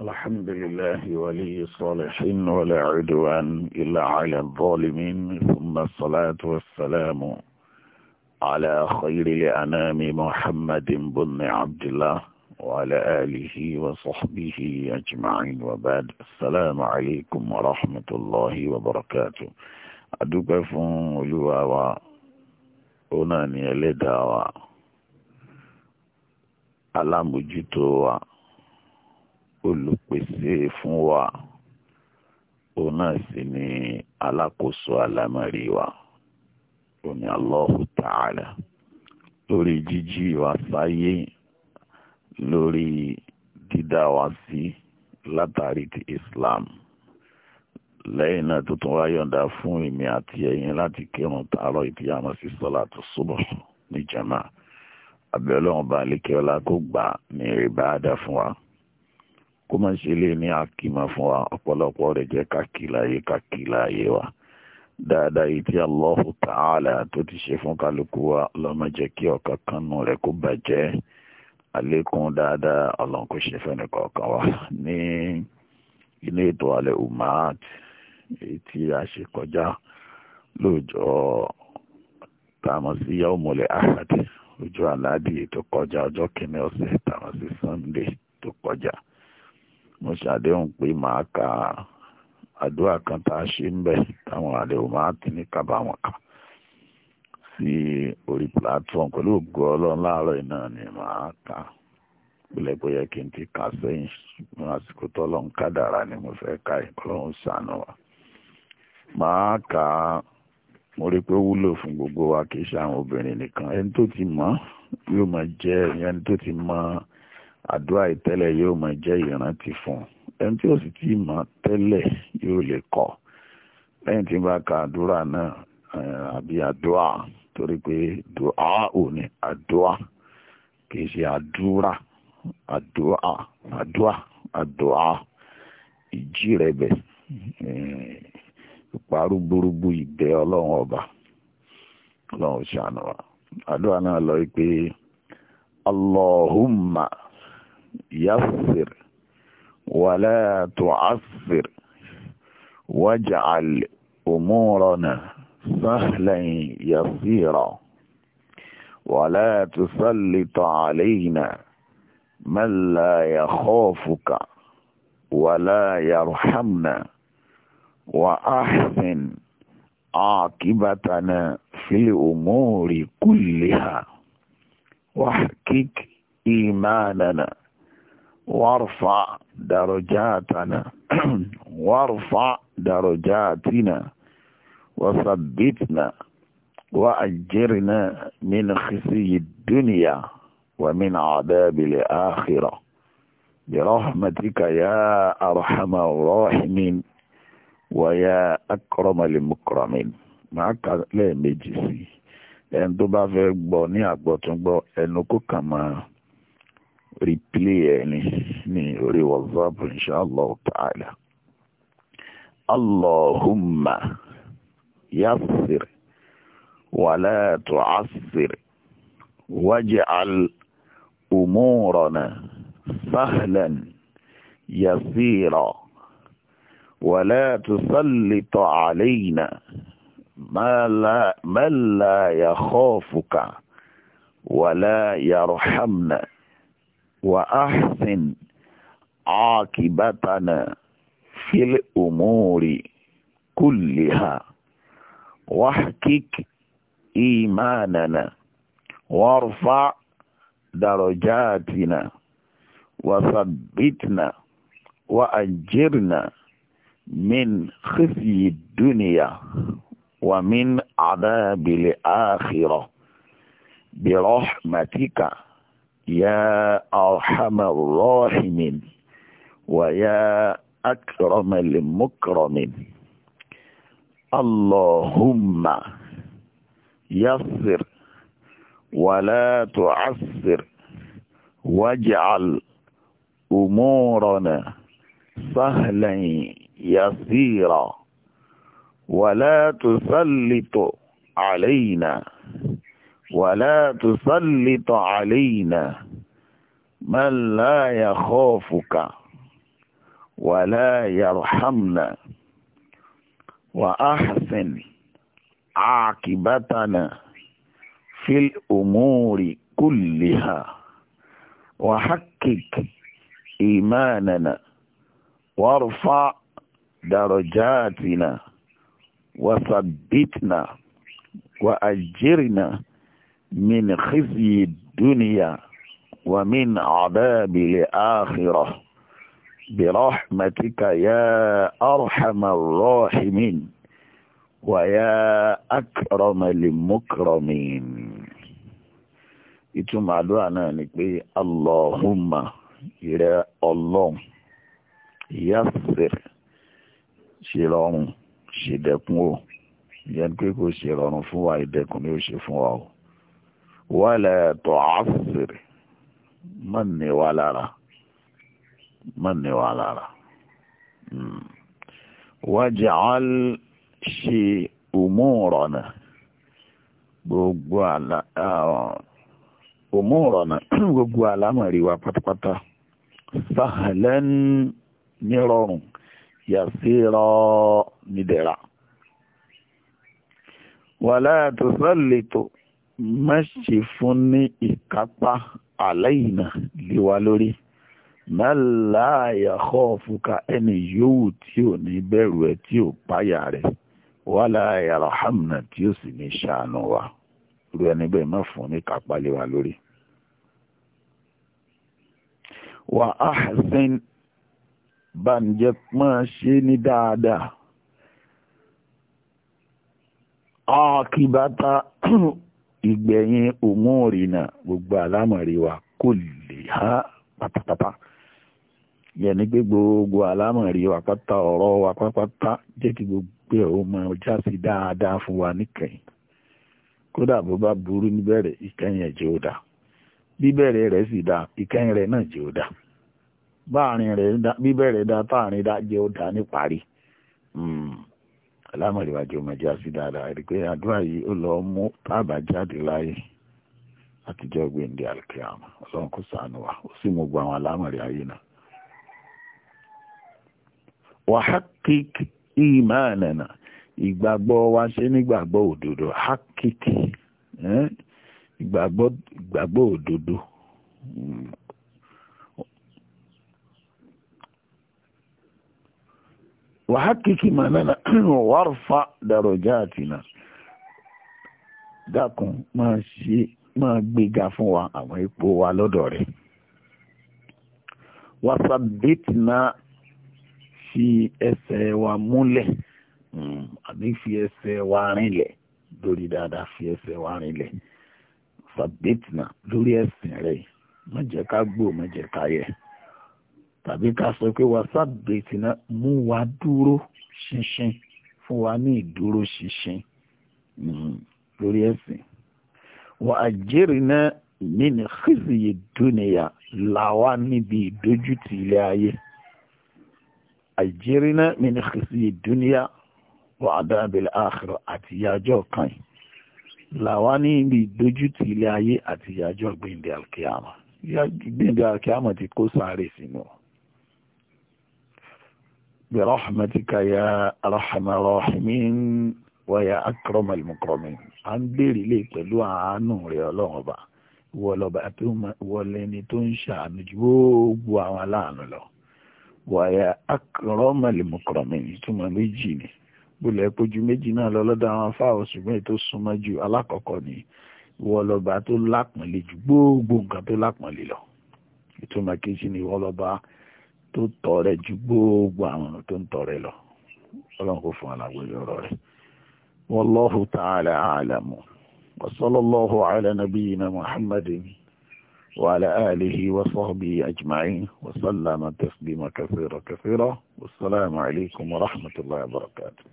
الحمد لله ولي الصالحين ولا عدوان إلا على الظالمين ثم الصلاة والسلام على خير الأنام محمد بن عبد الله وعلى آله وصحبه أجمعين وبعد السلام عليكم ورحمة الله وبركاته أدوك فون لواوا أناني لداوا ألام olùpèsè fún wa òun náà sì ni alákòóso àlámọ̀rí wa òní Allahu Ta'ala lórí jíjí wa sáyé lórí dídá wa sí látàrí ti Islam lẹ́yìn náà tó tún wá yọ̀ǹda fún èmi àti ẹ̀yin láti kírun tààrọ̀ ìdíyàmọ̀ sí sọ́lá tó súbọ̀ ní jàmá abẹ́ọ́lọ́run bá lékè ọlá kó gbà ní ìrìbá dá fún wa kó má ṣe lè ní àkìmọ̀ fún wa ọ̀pọ̀lọpọ̀ rẹ̀ jẹ́ kákìláyé wa dáadáa yìí tí Allahu Ta'ala tó ti ṣe fún kálukú wa lọ́mọ jẹ́ kí ọ̀kan kanú rẹ̀ kó bàjẹ́ àlékún dáadáa ọlọ́run kò ṣe fẹ́ni kọ̀ọ̀kan wa ní inú ètò alẹ́ umat èyí tí a ṣe kọjá lóòjọ́ tààmù sí yaumule ahad ojú aláàdì tó kọjá ọjọ́ kìíní ọ̀sẹ̀ tààmù sunday tó kọjá ṣàdéhùn pé màá ka àdúrà kan tá a ṣe ń bẹ̀ táwọn àdéhùn máa ti ní kábàámọ̀ kan sí orí platform pẹ̀lú ògo ọlọ́run láàárọ̀ iná ni màá ka pẹ̀lẹ́ pé yẹ kí n ti kà sẹ́yìn ní àsìkò tọ́lọ́run kádàrá ni mo fẹ́ ka ìkọlọ́run ṣàánú wa màá ka mo rí pé ó wúlò fún gbogbo wa kì í ṣe àwọn obìnrin nìkan ẹni tó ti mọ̀ yóò máa jẹ́ ẹni tó ti mọ̀ ọ́ àdúrà ìtẹ́lẹ̀ yóò máa jẹ́ ìrántí fún ẹni tí ó sì ti mọ̀ tẹ́lẹ̀ yóò lè kọ́ lẹ́yìn tí bá ka àdúrà náà eh, àbí àdúrà torí pé dùá ò ní àdúrà kì í ṣe àdúrà àdúrà àdúrà àdúrà ìjì rẹ̀ bẹ̀ eh, ìparúgbúrúgbú ìbẹ́ ọlọ́run ọba ọlọ́run ṣàánú wa àdúrà náà lọ pé allahumma. يسر ولا تعسر واجعل أمورنا سهلا يسيرا ولا تسلط علينا من لا يخافك ولا يرحمنا وأحسن عاقبتنا في الأمور كلها واحقق إيماننا وارفع درجاتنا وارفع درجاتنا وثبتنا وأجرنا من خزي الدنيا ومن عذاب الآخرة برحمتك يا أرحم الراحمين ويا أكرم المكرمين معك لا مجلسي لأن تبقى في بني أكبر تنبو أنك كما ريبلي يعني ريوظاب إن شاء الله تعالى اللهم يسر ولا تعسر واجعل أمورنا سهلا يسيرا ولا تسلط علينا ما لا, من لا يخافك ولا يرحمنا وأحسن عاقبتنا في الأمور كلها واحكك إيماننا وارفع درجاتنا وثبتنا وأجرنا من خزي الدنيا ومن عذاب الآخرة برحمتك يا أرحم الراحمين ويا أكرم المكرمين اللهم يسر ولا تعسر واجعل أمورنا سهلا يسيرا ولا تسلط علينا ولا تسلط علينا من لا يخافك ولا يرحمنا وأحسن عاقبتنا في الأمور كلها وحقق إيماننا وارفع درجاتنا وثبتنا وأجرنا min khizyi dunya wa min adabil akhirah birahmatika ya arhamar rahimin wa ya akramal mukramin ìtumọ̀ àdúrà náà ni pé allahumma ìrẹ́ ọlọ́run yasir ṣe rọrùn ṣèdẹ̀kùn o pé kò ṣe fún wa ìdẹ̀kùn ni ó ṣe fún wa o wala tu'assir má ní wa lára má ní wa lára waj'al ṣe umurana gbogbo àlá umurana gbogbo àlámọ̀rí wa pátápátá sahlan nírọ̀rùn yàsírọ nídẹ̀ra wàlá tusallitu má ṣe fún ní ìkápá àlẹ́yìnà lé wa lórí mẹ́lá àyàkọ́ fúka ẹni yòówù tí ò ní bẹ̀rù ẹ tí ò páyà rẹ̀ wàlá àyàràhàmùnà tí ó sì ní ṣàánú wa irú ẹni bẹ́ẹ̀ má fún ní ìkápá lé lórí. wà á sin bàǹjẹ́ máa ṣe ní dáadáa. akibata ìgbẹ̀yìn òmùrìnà gbogbo àlámọ̀rí wa kò lè há pátápátá yẹni pé gbogbo àlámọ̀rí wa pátá ọ̀rọ̀ wa pátápátá jẹ́ kí gbogbo ẹ̀ ó máa já sí dáadáa fún wa níkẹyìn kódà bó bá burú níbẹ̀rẹ̀ ìkẹyìn ẹ̀ jẹ́ ó dáa bíbẹ̀rẹ̀ rẹ̀ sì dáa ìkẹyìn rẹ̀ náà jẹ́ ó dáa bíbẹ̀rẹ̀ dáa táàrin dáa jẹ́ ó dáa níparí. Mm. alámọ̀lẹ́wájú ọmọ ẹja sí dáadáa ẹ̀rí àdúrà yìí ó lọ mú tábà láyé àtijọ́ gbèǹde alikiyama ọlọ́run kò sànù wa ó sì mú gbọ́ àwọn ayé náà. wàhákìk ìmánana ìgbàgbọ́ wa ṣe nígbàgbọ́ òdodo hákìk ìgbàgbọ́ òdodo hmm. wàhákìkì mànánà wàrfà dàrọ̀já àtìnà dákun máa ṣe máa gbéga fún wa àwọn ipò wa lọ́dọ̀ rẹ̀ wàsàbẹ́tìnà fi ẹsẹ̀ wa múlẹ̀ àbí fi ẹsẹ̀ wa rinlẹ̀ lórí dáadáa fi ẹsẹ̀ wa rinlẹ̀ wàsàbẹ́tìnà lórí ẹ̀sìn rẹ̀ má jẹ́ ká gbó má jẹ́ ká yẹ̀ tàbí ká sọ pé whatsapp bẹ̀tì náà mú wa dúró ṣinṣin fún wa ní ìdúró ṣinṣin mm, lórí ẹ̀sìn. wọ́n àjẹrì náà nínú xìzìyè dúnìyà làwa níbi ìdójútì ilé ayé. àjẹrì náà nínú xìzìyè dúnìyà wọ́n àdábìlẹ̀ àkàrọ̀ àti ìyájọ́ kan làwa níbi ìdójútì ilé ayé àti ìyájọ́ gbẹ̀ndẹ̀ alkiyama gbẹ̀ndẹ̀ alkiyama ti kó sáré sínú birahmatika ya arhamar rahimin wa ya akramal mukramin à ń béèrè lè pẹ̀lú àánú rẹ̀ ọlọ́run ọba ìwọ lọ́ba tó wọlé ni tó ń ṣàánú ju gbogbo àwọn aláàánú lọ wa ya akramal mukramin ìtumọ̀ méjì ni bólẹ̀ pójú méjì náà lọ́lọ́dọ̀ àwọn afáwọ̀ ṣùgbọ́n ètò súnmọ́ ju alákọ̀ọ́kọ́ ni ìwọ lọ́ba tó lápọ̀nlé ju gbogbo nǹkan tó lápọ̀nlé lọ ìtumọ̀ kejì ni ìwọ lọ́ba tó tọrẹ ju gbogbo àwọn ọ̀nà tó ń tọrẹ lọ ọlọ́run kò fún alágbèrè ọ̀rọ̀ rẹ̀ wallahu ta'ala a'lamu wa sallallahu ala nabiyyina muhammadin wa ala alihi wa sahbihi ajma'in wa sallama taslima kathira kathira wassalamu alaykum wa rahmatullahi wa barakatuh